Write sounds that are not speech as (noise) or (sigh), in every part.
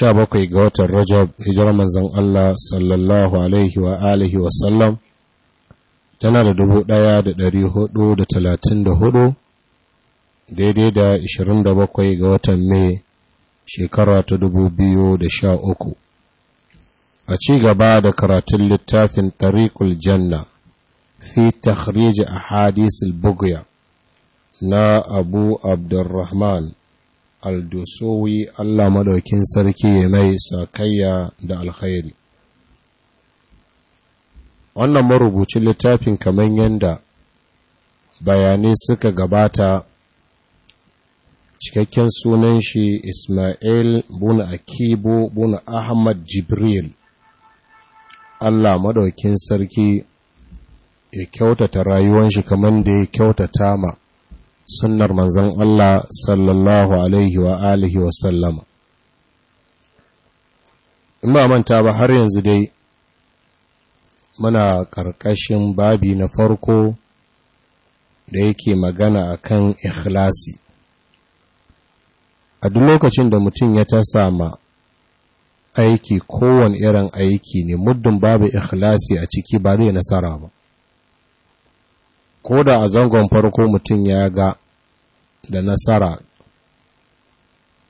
17 ga watan Rajab hijirar manzon Allah sallallahu alaihi wa alihi wa sallam tana da 1434 daidai da 27 ga watan Mai shekara ta 2013 a ci gaba da karatun littafin Tariqul Janna fi takhrij ahadith al-bughya na Abu Abdurrahman aldosowi Allah maɗaukin sarki ya mai sakayya da alkhairi. Wannan marubucin littafin kamar yadda bayanai suka gabata cikakken sunan shi Ismail Buna Akibo Buna Ahmad Jibril. Allah maɗaukin sarki ya kyautata rayuwan shi kamar da ya kyautata ma sunnar manzon Allah sallallahu alaihi wa alihi wa sallama in ba manta ba har yanzu dai muna ƙarƙashin babi na farko da yake magana a kan ikhlasi a duk lokacin da mutum ya ta sama aiki kowane irin aiki ne muddin babu ikhlasi a ciki ba zai nasara ba ko da a zangon farko mutum ya ga da nasara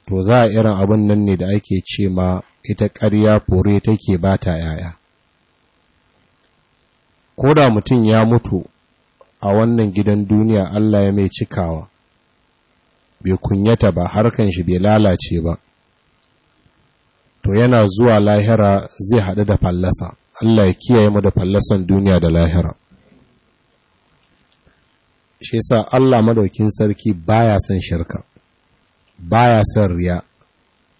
to za a irin abin nan ne da ake ce ma ita karya fure take ba ta yaya ko da mutum ya mutu a wannan gidan duniya Allah ya mai cikawa bai kunyata ba harkan shi bai lalace ba to yana zuwa lahira zai haɗu da fallasa Allah ya kiyaye mu da fallasan duniya da lahira shi yasa Allah madaukin sarki baya son shirka baya son riya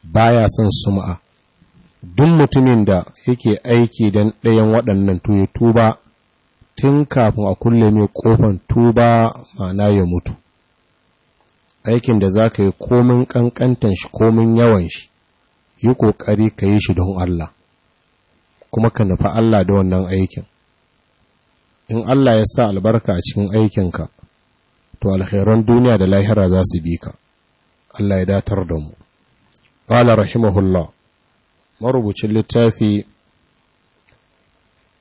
baya son sum'a duk mutumin da yake aiki don ɗayan waɗannan to ya tuba tun kafin a kulle mai kofan tuba ma'ana ya mutu aikin da za ka yi komin ƙanƙantan shi komin yawan shi yi ƙoƙari ka yi shi don Allah kuma ka nufi Allah da wannan aikin in Allah ya sa albarka a cikin aikinka to alheran duniya da lahira za su bi ka Allah ya datar da mu qala rahimahullah marubucin littafi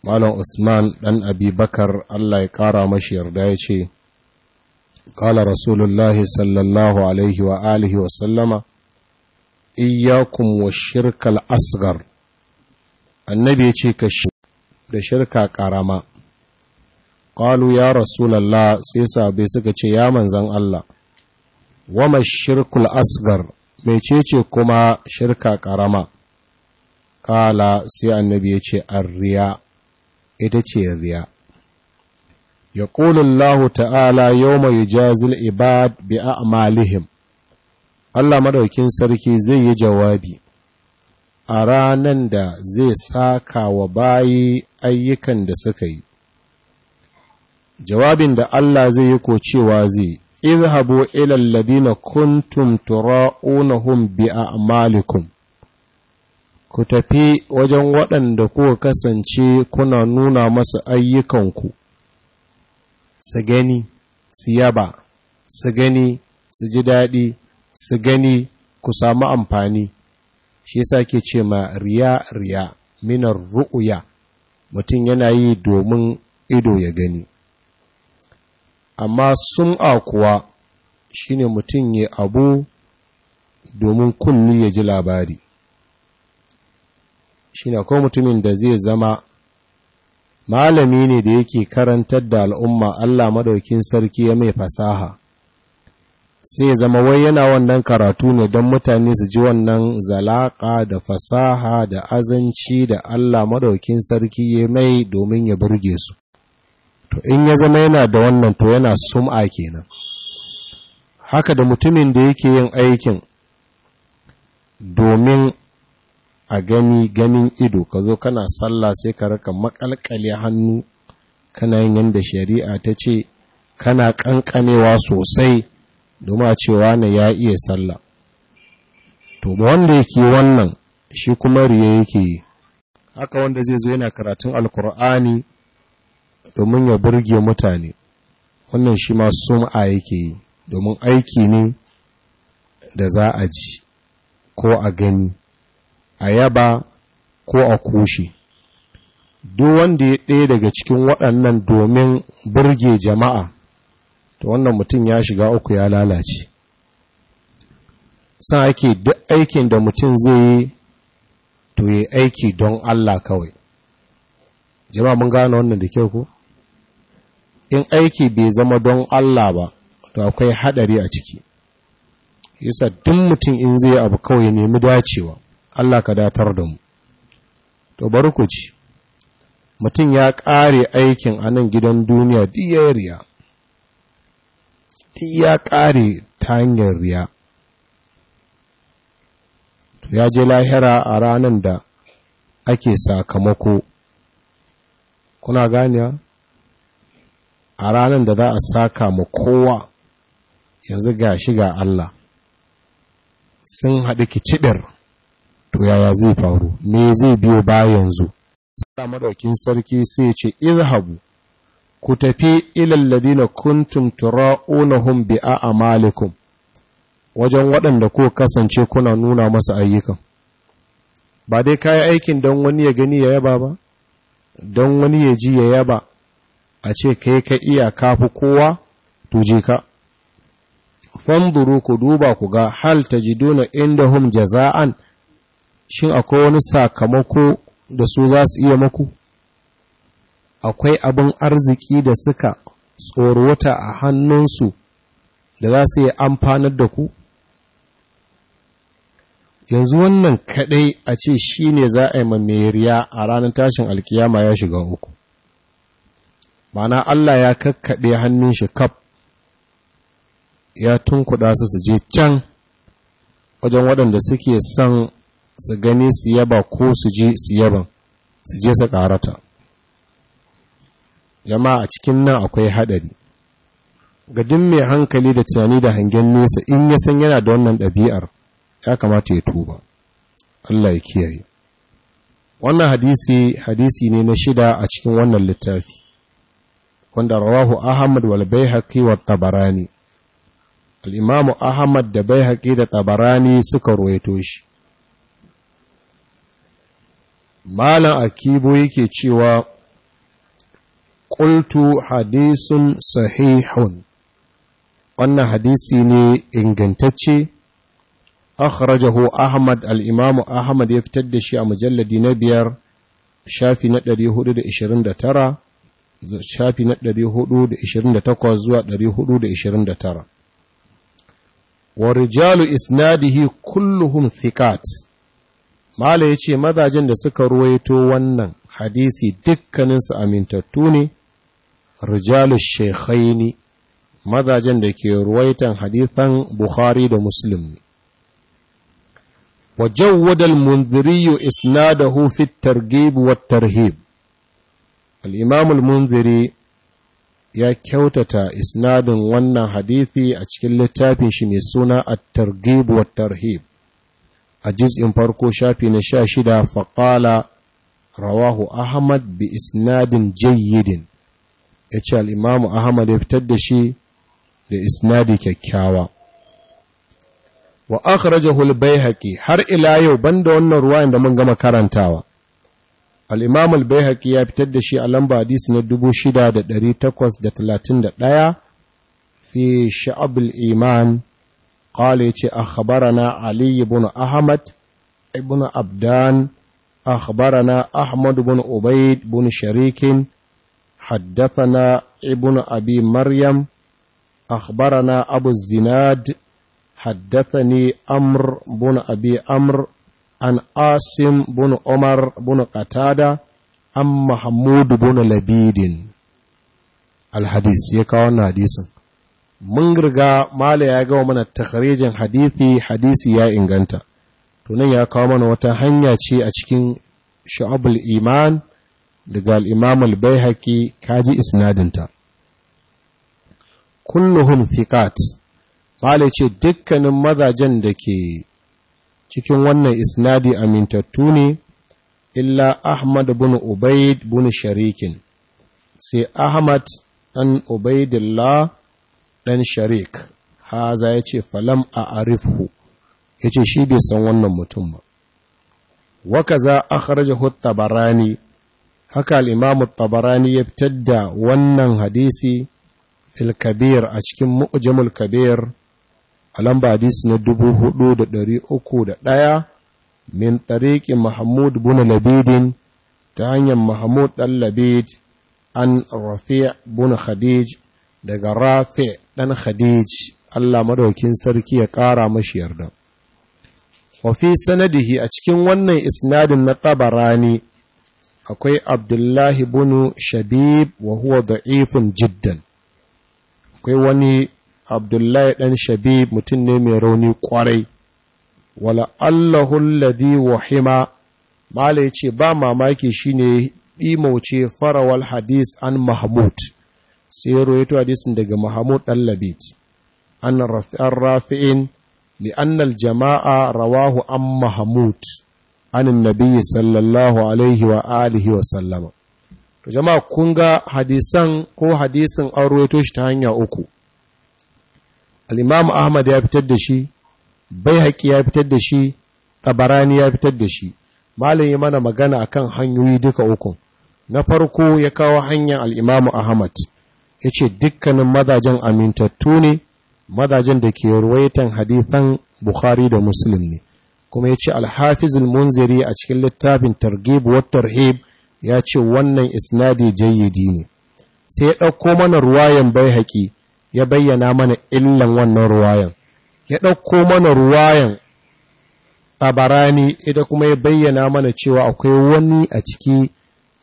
malam usman ɗan abibakar Allah ya ƙara mashi yarda ya ce qala rasulullahi sallallahu alaihi wa alihi wa sallama iyyakum wa shirkal asgar. annabi ya ce ka da shirka ƙarama. ƙalu ya rasulallah sai sabai suka ce ya manzan Allah ma shirkul asgar mecece kuma shirka ƙarama Kala sai annabi ya ce arriya ita ce riya ya ƙulullahu ta'ala yau mai jazil ibad bi a'malihim Allah maɗaukin sarki zai yi jawabi a ranan da zai saka wa bayi ayyukan da suka yi jawabin da Allah zai yi ko cewa zai izhabu ila alladhina kuntum tura'unahum bi a'malikum ku tafi wajen waɗanda kuka kasance kuna nuna masu ayyukanku su gani su yaba su gani su ji daɗi su gani ku samu amfani shi yasa ke ce ma riya riya minar ru'uya mutum yana yi domin ido ya gani amma sum'a kuwa shine mutum ya abu domin kunni ya ji labari shine ko mutumin da zai zama malami ne da yake karantar da al'umma Allah madaukin sarki ya mai fasaha sai ya zama wai yana wannan karatu ne don mutane su ji wannan zalaka da fasaha da azanci da Allah madaukin sarki ya mai domin ya burge su to in ya zama yana da wannan to yana sum'a kenan haka da mutumin da yake yin aikin domin a gani ganin ido ka zo kana sallah sai ka raka makalkale hannu kana yin yadda shari'a ta ce kana kankanewa sosai domin a cewa na ya iya sallah to wanda yake wannan shi kuma riya yake haka wanda zai zo yana karatun alkur'ani domin ya burge mutane wannan shi ma sum'a yake yi domin aiki ne da za a ji ko a gani a yaba ko a kushe duk wanda ya ɗaya daga cikin waɗannan domin burge jama'a to wannan mutum ya shiga uku ya lalace sa ake duk aikin da mutum zai yi to yi aiki don Allah kawai jama'a mun gane wannan da kyau ko in aiki bai zama don Allah ba to akwai hadari a ciki yasa duk mutum in zai abu kawai nemi dacewa Allah ka datar da mu to bari ku ci mutum ya kare aikin a nan gidan duniya diyariya ya kare ta hanyar riya to ya je lahira a ranar da ake sakamako kuna ganiya a ranar da za a saka mu kowa yanzu ga shiga Allah sun haɗu ciɗar to yaya zai faru me zai biyo ba yanzu sa madaukin sarki sai ce izhabu ku tafi ilal ladina kuntum tura'unahum bi a'malikum wajen waɗanda ko kasance kuna nuna masa ayyukan ba dai kayi aikin don wani ya gani ya yaba ba don wani ya ji ya yaba a ce kai ka iya kafi kowa to je ka famburu ku duba ku ga hal tajiduna indahum jaza'an shin akwai wani sakamako da su za su iya maku akwai abin arziki da suka tsorota a hannunsu da za su yi amfanar da ku yanzu wannan kadai a ce shi ne za a yi a ranar tashin alkiyama ya shiga uku Ma'ana Allah ya kakkaɗe hannun shi kaf ya tunkuɗa su su je can wajen waɗanda suke son su gani su yaba ko su je su yaban su je su ƙarata jama'a a cikin nan akwai haɗari gadin mai hankali da tunani da hangen nesa in ya san yana da wannan ɗabi'ar ya kamata ya tuba Allah ya kiyaye wannan hadisi hadisi ne na shida a cikin wannan littafi wanda rawahu Ahmad wal Baihaqi wa Tabarani al-Imam Ahmad da Baihaqi da Tabarani suka ruwaito shi Malam Akibo yake cewa qultu hadisun sahihun wannan hadisi ne ingantacce akhrajahu Ahmad al-Imam Ahmad ya fitar da shi a mujalladi na biyar shafi na 429 shafi na 428 zuwa 429 wa rijalu isnadihi kulluhum thiqat mala yace mazajen da suka ruwaito wannan hadisi dukkaninsu amintattu ne rijalu shaykhaini mazajen da ke ruwaitan hadithan bukhari da muslim وجود المنذري إسناده في الترغيب tarhib al'imamul munziri ya kyautata isnadin wannan hadithi a cikin littafin shi mai suna a targhib wa tarhib a jiz'in farko shafi na sha shida faƙala rawahu ahmad bi isnadin jayyidin ya ce al'imamu ahmad ya fitar da shi da isnadi kyakkyawa wa akhrajahu al-baihaqi har ila yau banda wannan ruwayan da mun gama karantawa al'imam al-bayhaqi ya fitar da shi a lamba hadisi na 6,831 fi sha'abul iman ƙala ce a khabarana ali ibn ahmad ibn abdan a khabarana ahmad ibn ubaid ibn sharikin حدثنا ibn abi maryam أخبرنا أبو الزناد حدثني أمر بن أبي أمر an asim bunu umar bunu qatada an mahmud bunu labidin alhadis ya kawo wannan hadisin mun riga mala ya gawa mana takharijin hadisi hadisi ya inganta tunan ya kawo mana wata hanya ce a cikin sha'abul iman daga al-imam al kaji isnadinta kulluhum thiqat mala ce dukkanin mazajen da ke cikin wannan isnadi amintattu ne illa Ahmad bin Ubaid bin Sharikin sai Ahmad ɗan Ubaidillah ɗan Sharik haza ya ce falam a arifhu ya ce shi bai san wannan mutum ba waka za a kharajahu tabarani haka al'imamu tabarani ya fitar da wannan hadisi filkabir a cikin mu'jamul kabir a lamba hadis na ɗaya, min tariƙin Mahmud bin Labidin ta hanyar Mahmud ɗan Labid an Rafi bin Khadij daga Rafi ɗan Khadij Allah madaukin sarki ya ƙara mashi yarda. Wafi sanadihi a cikin wannan isnadin na tabarani akwai Abdullahi bin Shabib wa huwa da'ifun jiddan. Akwai wani abdullahi ɗan shabib mutum ne mai rauni ƙwarai wala allahu wa hima? mala ce ba mamaki shine bimauce farawal hadis an mahmud sai ya hadisin daga mahmud ɗan labid an rafi'in li'annal jama'a rawahu an mahmud an nabiy sallallahu alaihi wa alihi wa sallama to jama'a kun ga hadisan ko hadisin an rawaito shi ta hanya uku al'imam ahmad ya fitar da shi bai haƙi ya fitar da shi tabarani ya fitar da shi malin yi mana magana a kan hanyoyi duka uku na farko ya kawo hanyar al'imamu ahmad ya ce dukkanin mazajen amintattu ne mazajen da ke ruwaitan hadithan bukhari da muslim ne kuma ya ce alhafizul munziri a cikin littafin targib watar tarhib ya ce wannan isnadi jayyadi ne sai ya ɗauko mana ruwayan bai haƙi ya bayyana mana illan wannan ruwayan ya ɗauko mana ruwayan tabarani ita kuma ya bayyana mana cewa akwai wani a ciki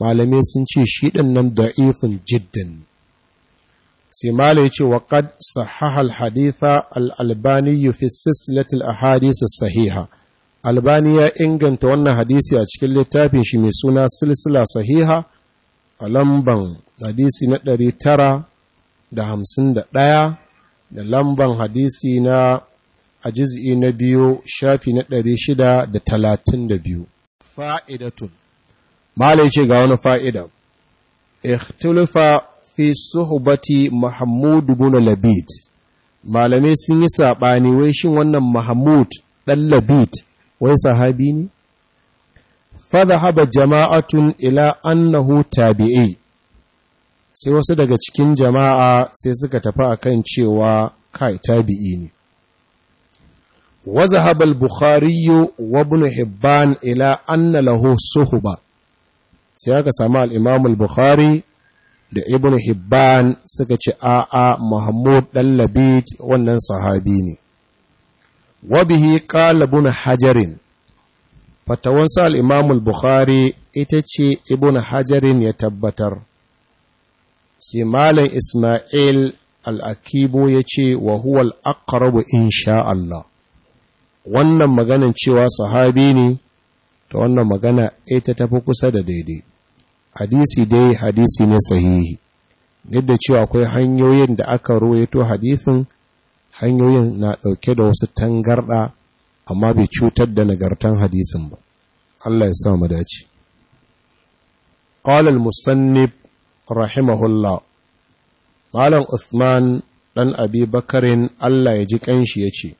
malamai sun ce shi ɗin nan da'ifin jiddin sai mala ya ce wa qad sahaha al-haditha al-albani fi silsilat al-ahadith sahiha albani ya inganta wannan hadisi a cikin littafin shi mai suna silsila sahiha a lamban hadisi na ɗari tara da hamsin da ɗaya da lamban hadisi na a jiz'i na biyu shafi na ɗari shida da talatin da biyu. Fa'idatun Malai ce ga wani fa'ida, ikhtilifa fi suhubati Mahmud bin Labid, malamai sun yi saɓani wai shin wannan Mahmud ɗan Labid wai sahabi ne? Fadha haba jama'atun ila annahu tabi'i. sai wasu daga cikin jama'a sai suka tafi akan cewa kai tabi'i ne وذهب البخاري وابن حبان إلى أن suhuba صحبة سياق sami Al'imamul-Bukhari da ibn Hibban suka ce a'a Muhammad dan Labid wannan sahabi ne wa bihi qala ibn Hajar fatawan bukhari ita ce ibn Hajarin ya tabbatar sai malam ismail al'akibo ya ce wa huwal in sha Allah wannan maganan cewa sahabi ne ta wannan magana ita ta fi kusa da daidai hadisi dai hadisi ne sahihi duk cewa akwai hanyoyin da aka ruwaito hadisin hanyoyin na ɗauke da wasu tangarɗa amma bai cutar da nagartan hadisin ba Allah ya sa mu dace qala al-musannif rahimahullah malam usman ɗan abi bakarin allah ya ji ƙanshi ya ce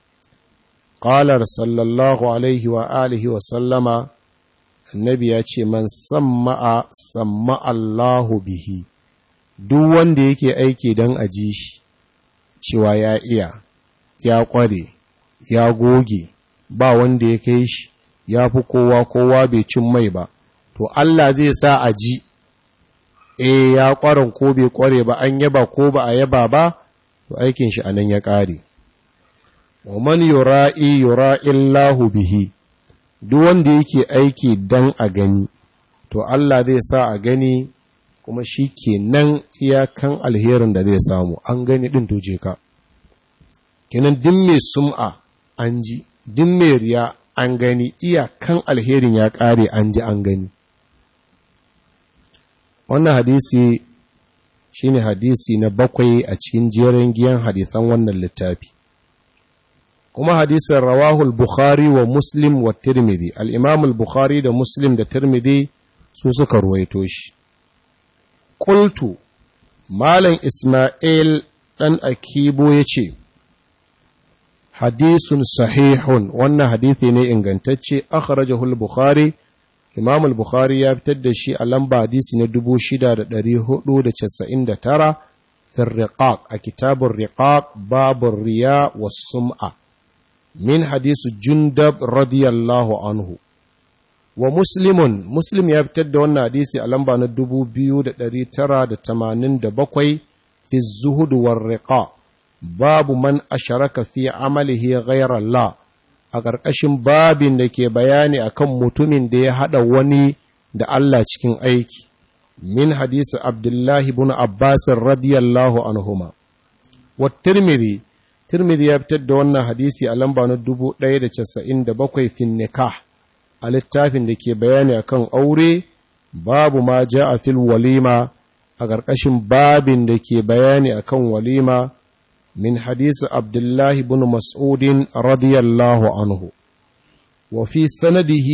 ƙalar sallallahu alaihi wa alihi wa sallama annabi ya ce man samma'a samma allahu bihi duk wanda yake aiki don aji shi cewa ya iya ya ƙware ya goge ba wanda ya kai shi ya fi kowa kowa bai cin mai ba to Allah zai sa a ji E, ya ƙwarin ko bai ƙware ba an yaba ko ba a yaba ba to aikin shi anan ya ƙare wa man yura'i lahu bihi duk wanda yake aiki dan a gani to Allah zai sa a gani kuma shi ke nan iyakan alherin da zai samu an gani ɗin to ka kenan din mai sum'a an ji din mai riya an gani iyakan alherin ya ƙare an ji an gani wannan hadisi shine hadisi na bakwai a cikin jerin giyan hadisan wannan littafi kuma hadisin rawahul bukhari wa muslim wa tirmidhi al bukhari da muslim da tirmidhi su suka ruwaito shi qultu malam isma'il dan akibo yace hadisun sahihun wannan hadisi ne ingantacce akhrajahu al-bukhari imam al-bukhari ya fitar da shi a lamba hadisi na 6499 fi riqaq a kitabun riqaq babur riya wa sum'a min hadisu jundab radiyallahu anhu wa muslimun muslim ya fitar da wannan hadisi a lamba na 2987 fi zuhud war riqa babu man asharaka fi amalihi ghayra Allah a ƙarƙashin babin da ke bayani akan mutumin da ya haɗa wani da Allah cikin aiki min hadisi abdullahi bin abbasin radiyallahu anhuma wa tirmidhi tirmidhi ya fitar da wannan hadisi a lamba na dubu ɗaya da da casa'in bakwai fin nikah a littafin da ke bayani akan aure babu ma ja a fil walima a ƙarƙashin babin da ke bayani akan walima من حديث عبد الله بن مسعود رضي الله عنه وفي سنده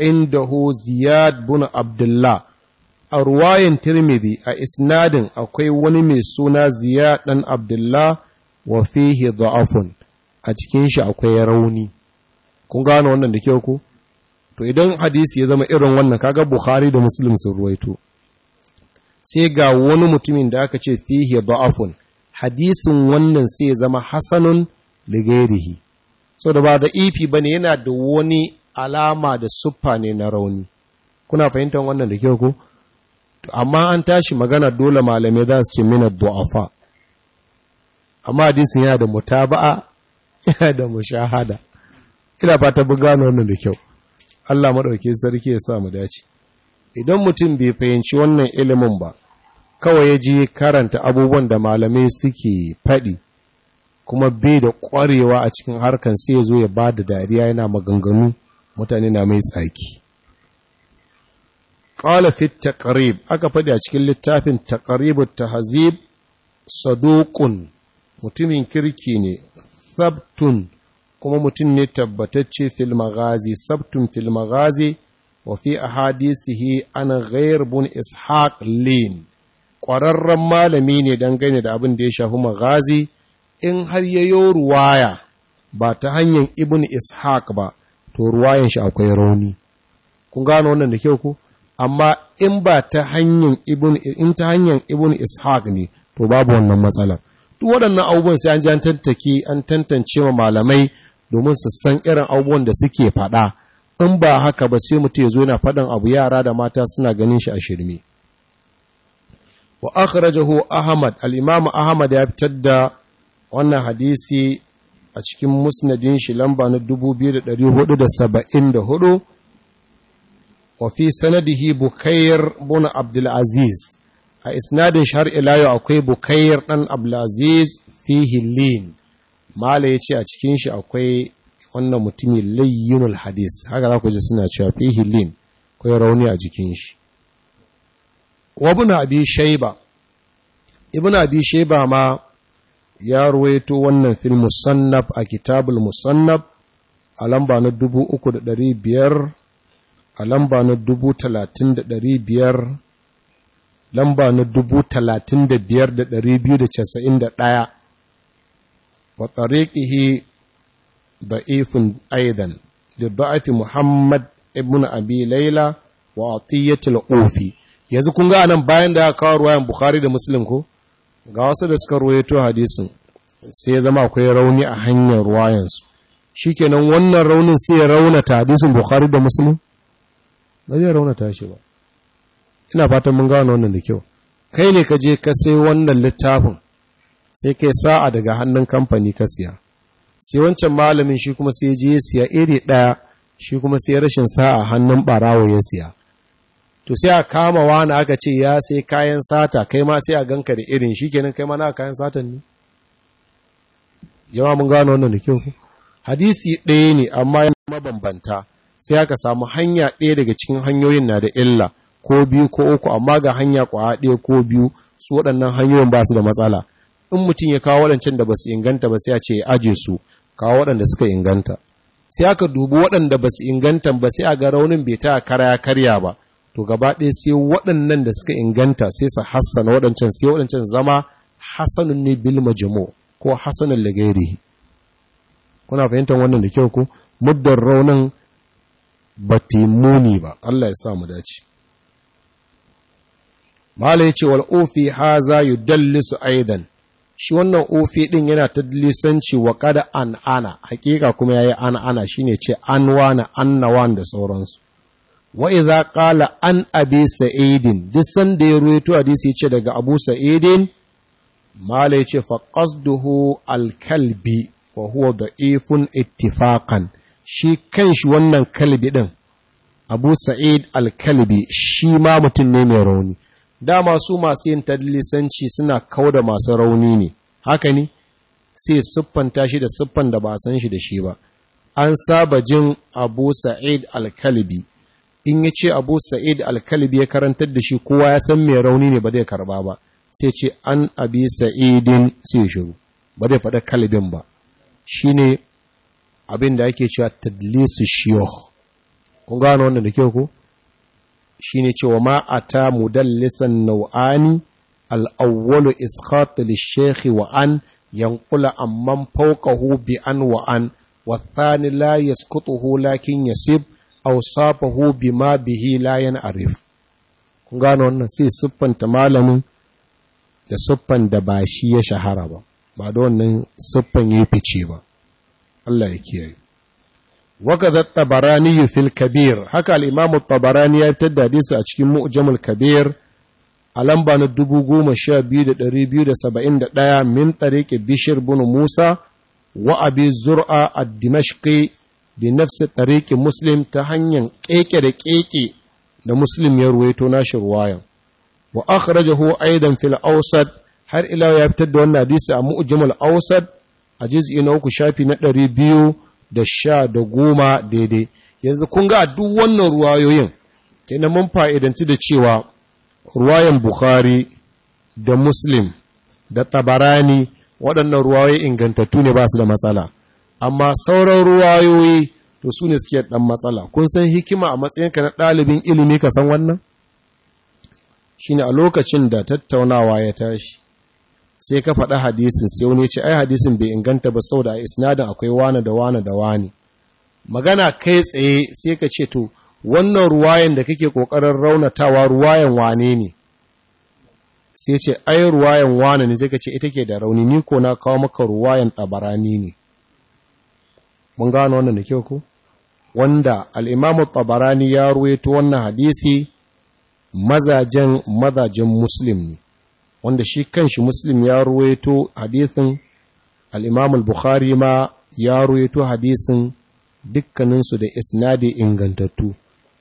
عنده زياد بن عبد الله أرواي ترمذي أسناد أكوي ونمي سونا زياد بن عبد الله وفيه ضعف أتكينش أكوي روني kun gano wannan da kyau ko to idan hadisi ya zama irin wannan kaga bukhari da muslim sun ruwaito sai ga wani mutumin da aka ce fihi da'afun hadisin wannan sai ya zama hasanun ligairihi so da ba da ifi ba ne yana da wani alama da suffa ne na rauni kuna fahimtar wannan da kyau ko amma an tashi magana dole malamai za su ce mina du'afa amma hadisin yana da mutaba'a (laughs) yana da mushahada ina fata bu gano wannan da kyau Allah madauke sarki ya sa mu dace idan mutum bai fahimci wannan ilimin ba kawai ya je karanta abubuwan da malamai suke faɗi kuma bai da ƙwarewa a cikin harkar sai ya zo ya ba da dariya yana maganganu mutane na mai tsaki ƙwala fit aka faɗi a cikin littafin ta tahzib saduqun mutumin kirki ne sabtun kuma mutum ne tabbatacce fil maghazi sabtun fil maghazi wa fi ahadisihi an ghair bun ishaq lane ƙwararren malami ne dangane da abin da ya shafi magazi in har yayo ruwaya ba ta hanyar ibn ishaq ba to ruwayan shi akwai rauni kun gano wannan da kyau ku amma in ba ta hanyar ibn in ta hanyar ibn ishaq ne to babu wannan matsalar duk waɗannan abubuwan sai an ji an tantake an tantance ma malamai domin su san irin abubuwan da suke faɗa in ba haka ba sai mutum ya zo yana faɗin abu yara da mata suna ganin shi a shirme wa akhrajahu ahmad al-imam ahmad ya fitar da wannan hadisi a cikin musnadin shi lamba na 2474 wa fi sanadihi bukair bin abdul aziz a isnadin shar ila yau akwai bukair dan abdul aziz fihi lin mala yace a cikin shi akwai wannan mutumin layyinul hadis haka za ku ji suna cewa fihi lin akwai rauni a jikin shi wa ibn abi shayba ibn abi shayba ma ya ruwaito wannan fil musannaf a kitabul musannaf a lamba na 3500 a lamba na 3500 lamba na 35291 wa tariqihi da'ifun aidan da da'afi muhammad ibn abi laila wa atiyatul ufi yanzu kun ga nan bayan da aka kawo ruwayan bukhari da muslim ko ga wasu da suka ruwaito hadisin sai ya zama akwai rauni a hanyar ruwayansu kenan wannan raunin sai ya raunata hadisin bukhari da muslim ba zai raunata shi ba ina fatan mun gano wannan da kyau kai ne ka je ka sai wannan littafin sai kai sa'a daga hannun kamfani ka siya sai wancan malamin shi kuma sai je siya iri ɗaya shi kuma sai rashin sa'a hannun ɓarawo ya siya to sai a kama wani aka ce ya sai kayan sata kai ma sai a ganka da irin shi kenan kai ma na kayan satan ne jama'a mun gano wannan da kyau hadisi ɗaya ne amma ya mabambanta sai aka samu hanya ɗaya daga cikin hanyoyin na da illa ko biyu ko uku amma ga hanya kwa ɗaya ko biyu su waɗannan hanyoyin ba su da matsala in mutum ya kawo waɗancan da ba su inganta ba sai a ce ya aje su kawo waɗanda suka inganta sai aka dubi waɗanda ba su inganta ba sai a ga raunin bai ta ya karya ba to gaba ɗaya sai waɗannan da suka inganta sai su hassana waɗancan sai waɗancan zama Hassanun ne bil majamo ko hasanun lagari kuna fahimtar wannan da kyau ko muddar raunin ba ba Allah ya sa mu dace mala ce wal yi haza su aidan shi wannan ofi ɗin yana ta wa kada an ana hakika kuma yayi an ana shine ce an wani annawan da sauransu wa iza qala an abi sa'idin duk sanda ya ruwaito hadisi ya ce daga abu sa'idin mala yace ce fa qasduhu al kalbi wa huwa da'ifun ittifaqan shi kanshi wannan kalbi din abu sa'id al kalbi shi ma mutum ne mai rauni Da masu masu yin tadlisanci suna kauda masu rauni ne haka ne sai siffanta shi da siffan da ba san shi da shi ba an saba jin abu sa'id al kalbi in ya ce abu sa'id alkalib ya karantar da shi kowa ya san mai rauni ne ba zai karba ba sai ce an abi sa'idin sai shiru ba zai faɗa kalibin ba shi ne abin da ake cewa tadlisu shiyoh kun gano wannan da kyau ku shi ne cewa ma a ta mudallisan nau'ani al'awwalu iskatu shekhi wa an yankula amman fauƙahu bi an wa an والثاني lakin يسقطه yasib awsafahu bima bihi la yan'arif kun gano wannan sai siffanta malamin da siffan da ba shi ya shahara ba ba da wannan siffan ya fice ba Allah ya kiyaye wa kadha tabarani fil kabir haka al imam tabarani ya tadda hadisi a cikin mu'jamul kabir alamba na 12271 min tariqi bishr bin musa wa abi zur'a ad-dimashqi bi nafsi tariqi muslim ta hanyar keke da keke da muslim ya ruwaito nashi ruwayan wa akhrajahu aidan fil awsat har ila ya fitar da wannan hadisi a mu'jamul awsat a juz'i na uku shafi na ɗari biyu da sha da goma daidai yanzu kun ga duk wannan ruwayoyin kenan mun fa'idanci da cewa ruwayan bukhari da muslim da tabarani waɗannan ruwayoyi ingantattu ne ba su da matsala amma sauran ruwayoyi to su ne suke ɗan matsala kun san hikima a matsayinka na ɗalibin ilimi ka san wannan shine a lokacin da tattaunawa ya tashi sai ka faɗa hadisin sai wani ce ai hadisin bai inganta ba saboda a isnadin akwai wane da wane da wane magana kai tsaye sai ka ce to wannan ruwayan da kake kokarin raunatawa ruwayan wane ne sai ce ai ruwayan wane ne sai ka ce ita ke da rauni ni ko na kawo maka ruwayan tabarani ne mun gano wannan da kyau ku wanda al'imamu tabarani ya ruwaito wannan hadisi mazajen mazajen muslim ne wanda shi kanshi muslim ya ruwaito hadisin al'imamu bukhari ma ya ruwaito hadisin dukkaninsu da isnadi ingantattu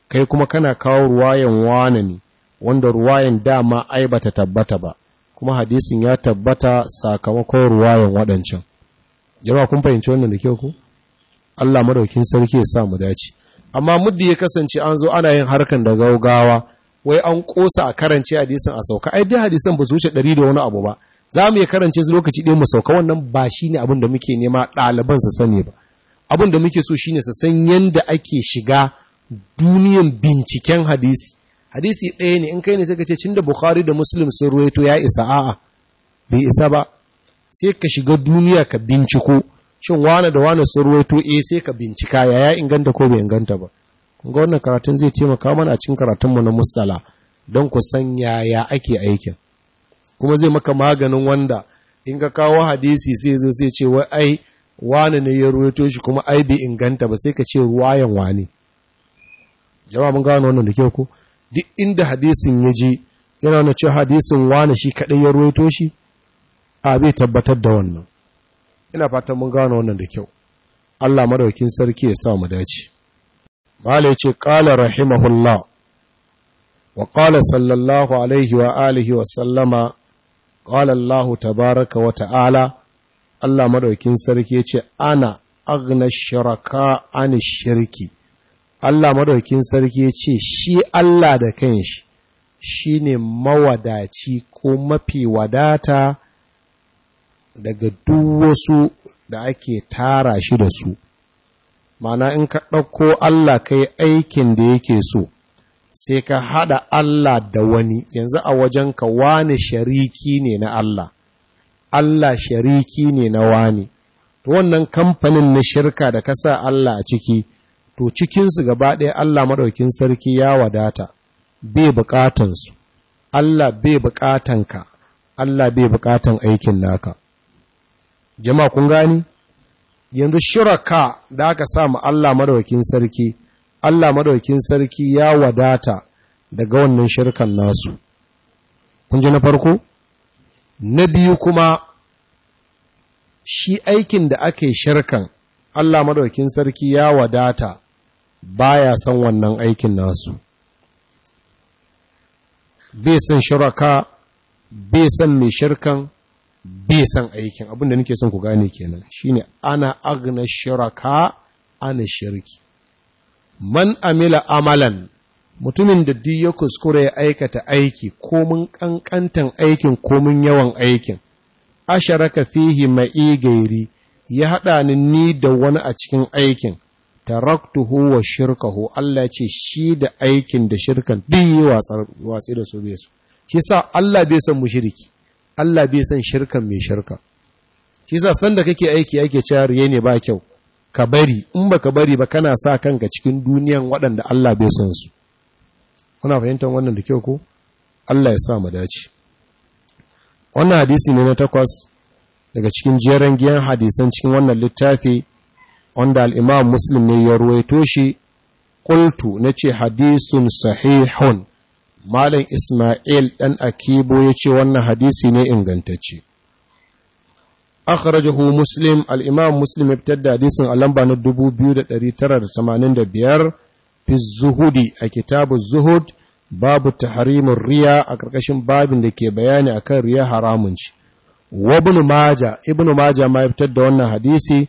kai kuma kana kawo ruwayan wane ne wanda ruwayan dama ai bata tabbata ba kuma hadisin ya tabbata sakamakon ruwayan waɗancan jama'a kun fahimci wannan da kyau ku Allah madaukin sarki ya sa mu dace amma muddi ya kasance an zo ana yin harkan da gaugawa wai an kosa a karance hadisin a sauka ai dai hadisan ba su wuce ɗari da wani abu ba za mu iya karance su lokaci ɗaya mu sauka wannan ba shi ne abin da muke nema ɗaliban su sani ba abin da muke so shine su san yanda ake shiga duniyan binciken hadisi hadisi ɗaya ne in kai ne sai ka ce cin da bukhari da muslim sun ruwaito ya isa a'a bai isa ba sai ka shiga duniya ka binciko shin wane da wane sun ruwaito eh sai ka bincika ya yaya inganta ko bai inganta ba kun ga wannan karatun zai taimaka mana a cikin karatunmu na mustala don ku san ya ake aikin kuma zai maka maganin wanda in ka kawo hadisi sai zai sai ce wai ai wane ne ya ruwaito shi kuma ai bai inganta ba sai ka ce ruwayan wane jama'a mun gano wannan da kyau duk inda hadisin ya je yana na cewa hadisin wane shi kaɗai ya ruwaito shi a bai tabbatar da wannan ina fatan mun gano wannan da kyau Allah madaukin sarki ya sa mu dace malai ce qala rahimahullah wa qala sallallahu alaihi wa alihi wa sallama qala Allah tabaaraka wa ta'ala Allah madaukin sarki ya ce ana agna shiraka an shirki Allah madaukin sarki ya ce shi Allah da kanshi shine mawadaci ko mafi wadata daga duk wasu da ake tara shi da su mana in ka ɗauko Allah ka yi aikin da yake so sai ka haɗa Allah da wani yanzu a wajen ka wani shariki ne na Allah Allah shariki ne na wani to wannan kamfanin na shirka da ka sa Allah a ciki to cikinsu gaba ɗaya Allah maɗaukin sarki ya wadata bai bukatansu Allah bai bukatanka Allah bai buƙatan aikin naka jama'a kun gani yanzu shiraka da aka samu Allah madawakin sarki Allah madawakin sarki ya wadata daga wannan shirkan nasu kun ji na farko na biyu kuma shi aikin da ake shirkan Allah madawakin sarki ya wadata baya san wannan aikin nasu bai san shiraka bai san mai shirkan bai san aikin abin da nake son ku gane kenan shine ana agna shiraka ana shirki man amila amalan mutumin da duk ya kuskure ya aikata aiki ko komin kankantan aikin mun yawan aikin asharaka fihi ma'i gairi ya haɗa ni ni da wani a cikin aikin taraktuhu wa shirkahu Allah ce shi da aikin da shirkan duk yi watsi da su bai su shi sa Allah bai san shirki. Allah bai san shirka mai shirka shi sanda kake aiki ake cewa ya ne ba kyau ka bari in ba ka bari ba kana sa kanka cikin duniyan waɗanda Allah bai san su kuna fahimtar wannan da kyau ko Allah ya sa mu dace wannan hadisi ne na takwas daga cikin jeren giyan hadisan cikin wannan littafi wanda al-Imam Muslim ne ya ruwaito shi na ce hadisun sahihun Malam Ismail ɗan Akibo ya ce wannan hadisi ne ingantacce. Akhrajahu Muslim, al'imam Muslim ya fitar da hadisin a lamba na 2,985 fi zuhudi a kitabu zuhud babu tahrimur riya a karkashin babin da ke bayani akan riya haramun ci. Wa Ibn Maja, Ibn Maja ma ya da wannan hadisi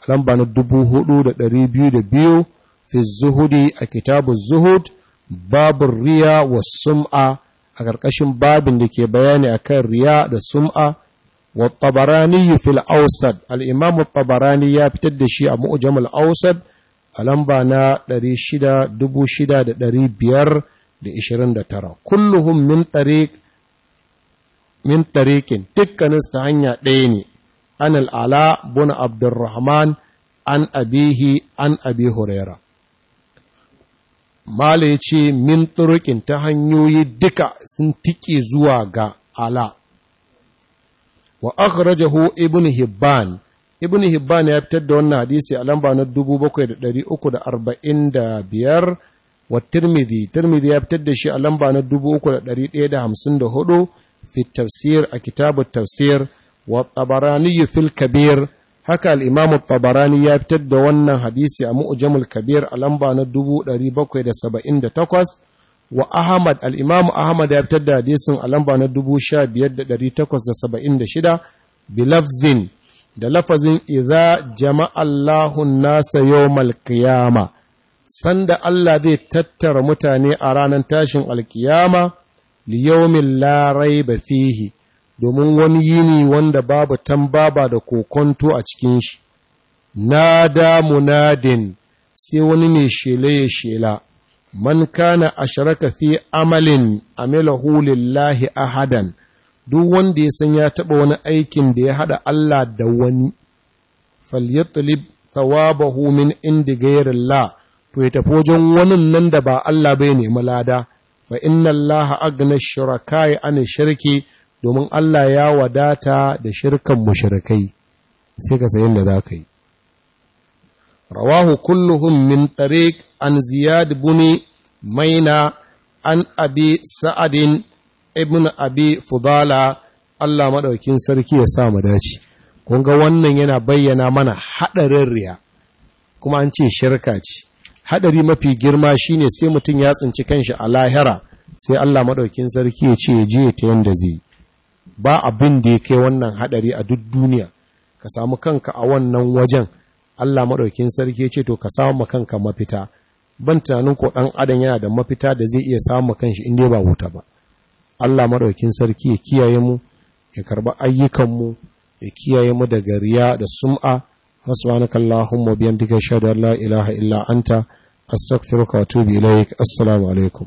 a lamba na 4,202 fi zuhudi a kitabu zuhud babin riya wa sum'a a ƙarƙashin babin da ke bayani a kan riya da sum'a wa tabarani fil ausad al'imamu tabarani ya fitar da shi a mu'ujam ausad a lamba na 6,529 kulluhun min min tarikin dukkaninsu ta hanya ɗaya ne an al'ala bun abdurrahman an abihi an abi huraira mala ya ce min turukin ta hanyoyi duka sun tike zuwa ga ala wa aka ho ibn hibban ibn hibban ya fitar da wannan hadisi a lamba na 7345 wa tirmidhi tirmidhi ya fitar da shi a lamba na 3154 fi tafsir a kitabu tafsir wa tsabaraniyu fil kabir haka al'imamu tabarani ya fitar da wannan hadisi a mu'ujamul kabir a lamba na 778 wa ahmad al'imamu ahmad ya fitar da hadisin a lamba na 15876 bilafzin da lafazin iza jama'allahun nasa yau malkiyama sanda Allah zai tattara mutane a ranar tashin alkiyama liyomin larai ba fihi domin wani yini wanda babu tambaba da kokonto a cikin shi na nada munadin sai wani ne shela ya shela man kana ashraka fi amalin amilahu lillahi ahadan duk wanda ya san ya taɓa wani aikin da ya haɗa Allah da wani falyatlib thawabahu min indi la, to ya tafi wajen wani nan da ba Allah bai nemi lada fa inna Allah agna shuraka'i an shirki domin Allah ya wadata da shirkan mushrikai sai ka sayin da ka yi rawahu kulluhum min tariq an ziyad bin maina an abi sa'adin ibn abi fudala Allah maɗaukin sarki ya sa mu dace kun ga wannan yana bayyana mana hadarin riya kuma an ce shirka ce Haɗari mafi girma shine sai mutum ya tsinci kanshi a lahira sai Allah maɗaukin sarki ya ce je ta yanda zai ba abin da ya kai wannan hadari a duk duniya ka samu kanka a wannan wajen Allah maɗaukin sarki ce to ka samu kanka mafita ban tunanin ko ɗan adam yana da mafita da zai iya samu kanshi in ba wuta ba Allah maɗaukin sarki ya kiyaye mu ya karba ayyukanmu ya kiyaye mu daga riya da sum'a subhanaka allahumma bihamdika ashhadu an la ilaha illa anta astaghfiruka wa atubu ilaik assalamu alaikum